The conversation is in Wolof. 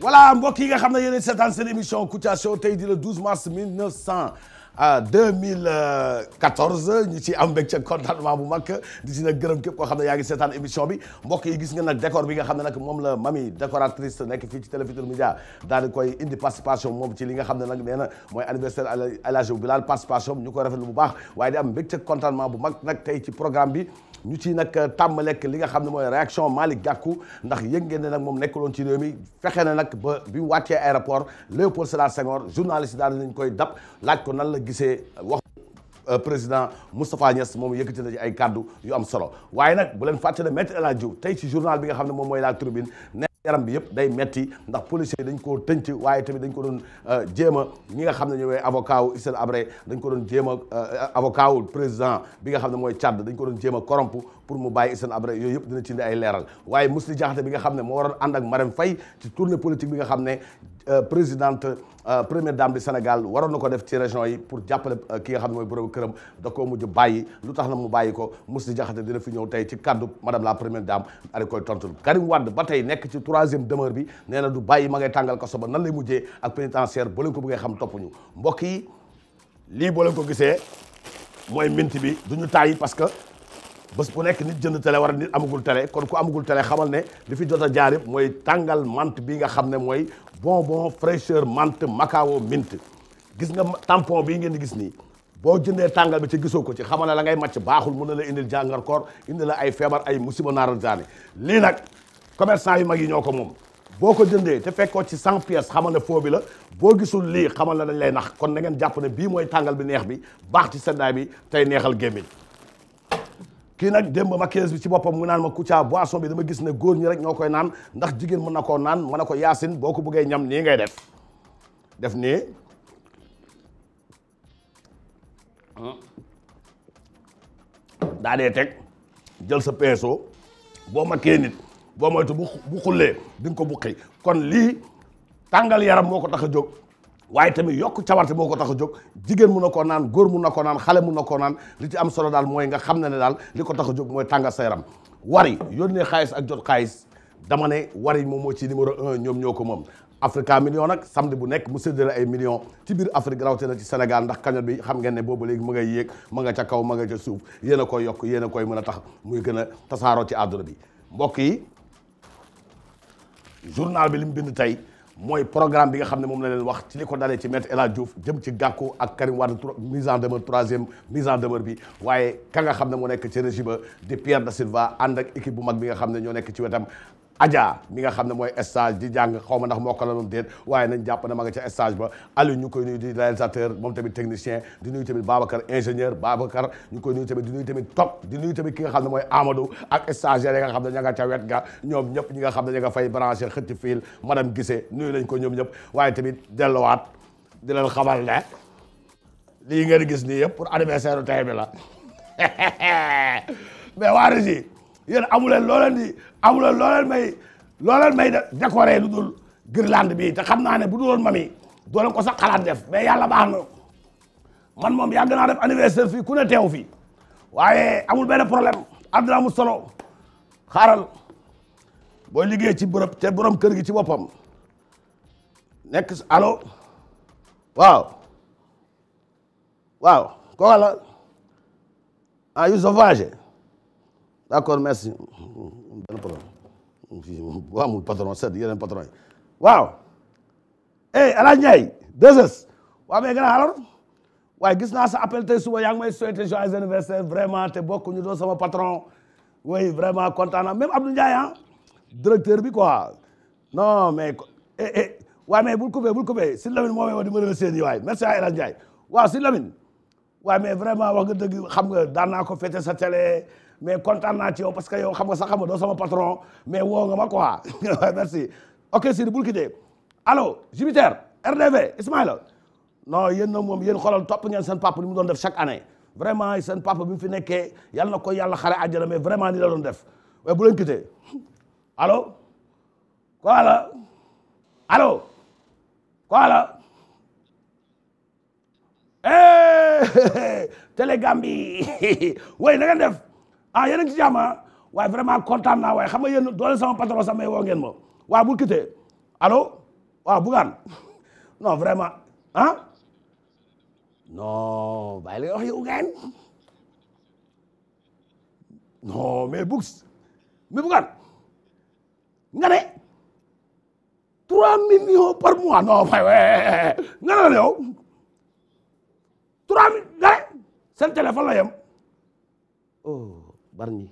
voilà mbokk yi nga xam ne yéen a seetaan seen émission Kouthia Show tey di le 12 mars 1900 ah 2014 ñu ci am mbégte contentement bu koo xam ne yaa ngi seetaan émission bi mbokk yi gis nga nag décor bi nga xam ne nag moom la nekk fii ci Télé Futurs Médias daal di koy indi participation moom ci li nga xam ne nag nee na mooy anniversaire El Hadji Bilal participation ñu koy rafetlu bu baax waaye di am mbégte contentement bu mag nag tey ci programme bi ñu ci nag tàmm lekk li nga xam ne mooy réaction Malick Gakou ndax yëg ngeen ne nag moom loon ci réew mi fexe na nag ba bi mu wàccee aéroport Léopold Sédar Senghor journaliste daal nañ koy dab laaj ko nan la gisee wax président Moustapha Niass moom yëkkati ci ci ay kàddu yu am solo waaye nag bu leen fàtte ne maître El Hadji Diouf tey ci journal bi nga xam ne moom mooy la tribune yaram bi yëpp day metti ndax policier dañ koo tënc waaye tamit dañ ko doon euh, jéem a ñi nga xam ne ñooy avocat wu Hissène Habré dañ ko doon jéem a euh, avocat wu président bi nga xam ne mooy Tchad dañ ko doon jéem a corrompre pour mu bàyyi Hissène Habré yooyu yëpp dina ci indi ay leeral waaye Mously Diakhaté bi nga xam ne moo waroon ànd ak Marème Faye ci bi nga xam ne Euh, présidente euh, première dame du Sénégal waroon na ko def ci yi pour jàppale euh, ki nga xam ne mooy borom këram da koo mujj bàyyi lu tax na mu bàyyi ko Mously Diakhaté dina fi ñëw tey ci kaddu madame la première dame ari koy tontul Karim ba tey nekk ci troisième demeure bi nee du bàyyi ma ngay tàngal kaso ba nan lay mujjee ak pénitentiaire boo leen ko bëggee xam toppuñu mbokk lii boo ko gisee mooy mint bi duñu tàyyi parce que bés bu nekk nit jënd télé war nit amagul télé kon ku amagul télé xamal ne li fi jot a jaar mooy tàngal mant bi nga xam ne mooy bonbon fraîcheur mant makaawo mint gis nga tempon bii ngeen di gis nii boo jëndee tàngal bi ci gisoo ko ci xamal ne la ngay màcc baaxul mën na la indil jàngar koor indi ay feebar ay musiba naaral jaani lii nag commerçant yu mag yi ñoo ko moom boo ko jëndee te fekkoo ci cent pièces xamal ne foo bi la boo gisul lii xamal ne dañ lay nax kon na ngeen jàpp ne bii mooy tàngal bi neex bi baax ci seddaay bi tey neexal gémmiñ kii nag démb maquilleuse bi ci boppam mu naan ma Kouthia boisson bi dama gis ne góor ñi rek ñoo koy naan ndax jigéen mën na koo naan mën na ko yaasin boo ko bëggee ñam nii ngay def def nii hmm. daa dee teg jël sa pinceau boo makkee nit boo moytu bu xullee di ko buqi kon lii tàngal yaram moo ko tax a jóg waaye tamit yokk cawarte boo ko tax a jóg jigéen mu na ko naan góor mun na naan xale mu na ko naan li ci am solo daal mooy nga xam na ne daal li ko tax a jóg mooy tànga sa yaram wari yónnee xaalis ak jot xaalis dama ne wari moom moo ci numéro ñoom ñoo ko moom Africa Million nag samedi bu nekk mu séddale ay millions ci biir raw te rawatina ci Sénégal ndax cagnotte bi xam ngeen ne boobu léegi mu nga yéeg ma nga ca kaw ma nga ca suuf yéen a koy yokk yéen a koy mën a tax muy gën a tasaaroo ci àdduna bi mbokk yi journal bi li mu bind tey mooy programme bi nga xam ne moom la leen wax ci li ko dalee ci maître El Hadj Diouf jëm ci Gakou ak Karim Wade mise en demeure troisième mise en demeure bi waaye ka nga xam ne mu nekk ci régime de Pierre da Silva ànd ak équipe bu mag bi nga xam ne ñoo nekk ci wetam Adja mi nga xam ne mooy stage di jàng xaw ma ndax moo ko la moom déet waaye nañ jàpp ne ma nga ca stage ba Aliou ñu koy nuyu di réalisateur moom tamit technicien di nuyu tamit Babacar ingénieur Babacar ñu koy nuyu tamit di nuyu tamit top di nuyu tamit ki nga xam ne mooy Amadou ak stagiaire yi nga xam ne ña nga ca wet ga ñoom ñëpp ñi nga xam ne ña nga fay branché xëtti fiil madame Guissé nuyu lañ ko ñoom ñëpp waaye tamit delluwaat di leen xamal ne lii ngeen gis nii yëpp pour anniversaire u tey bi la mais waa yéen amuleen loo leen di amuleen may loo leen may décorer lu dul guirlande bi te xam naa ne bu dul woon mami doo leen ko sax xalaat def mais yàlla baax na man moom yàgg naa def anniversaire fii ku ne teew fii waaye amul benn problème àdduna amul solo xaaral booy liggéey ci bërëb te borom kër gi ci boppam nekk allo waaw waaw kooka la ah yu sauvage d'accord merci benn patron bu amul patron set yeneen patron yi waaw eh Alaaji deses waaw mais gën a alors waaye gis naa sa appel tey suba yaa ngi may souhaité vraiment te bokk ñu doon sama patron oui vraiment kontaan na même Abdou ah, directeur bi quoi non mais eh eh waaye mais bul coupé bul coupé Sidi Lamine moomee wa di ma remercier nii waay merci à ah, El Hadj Ndiaye waaw Sidi Lamine waaye mais vraiment wax nga dëgg xam nga daan naa ko fete sa télé mais kontaan naa ci yow parce que yow xam nga sax xam nga doo sama patron mais woo nga ma quoi merci ok Sidi bul quitté allo Jupiter RDV Ismaïla non yéen na moom yéen xoolal topp ngeen seen papa ni mu doon def chaque année vraiment seen papa bi mu fi nekkee yàlla na ko yàlla xare àjjana mais vraiment ni la doon def waaye bu leen quitté allo ko ala allo ko ala télé Gambie way na ngeen def ah yéen a ngi waaye vraiment kontaan naa waaye xam nga yéen doole sama patron sax may ma waaw bu kitee allo waaw Bougane vraiment ah non bàyyi la wax yow ngeen non mais Boug trois millions par mois non waaye nga ne yow trois mille dara seen téléphone la yem oh Bargny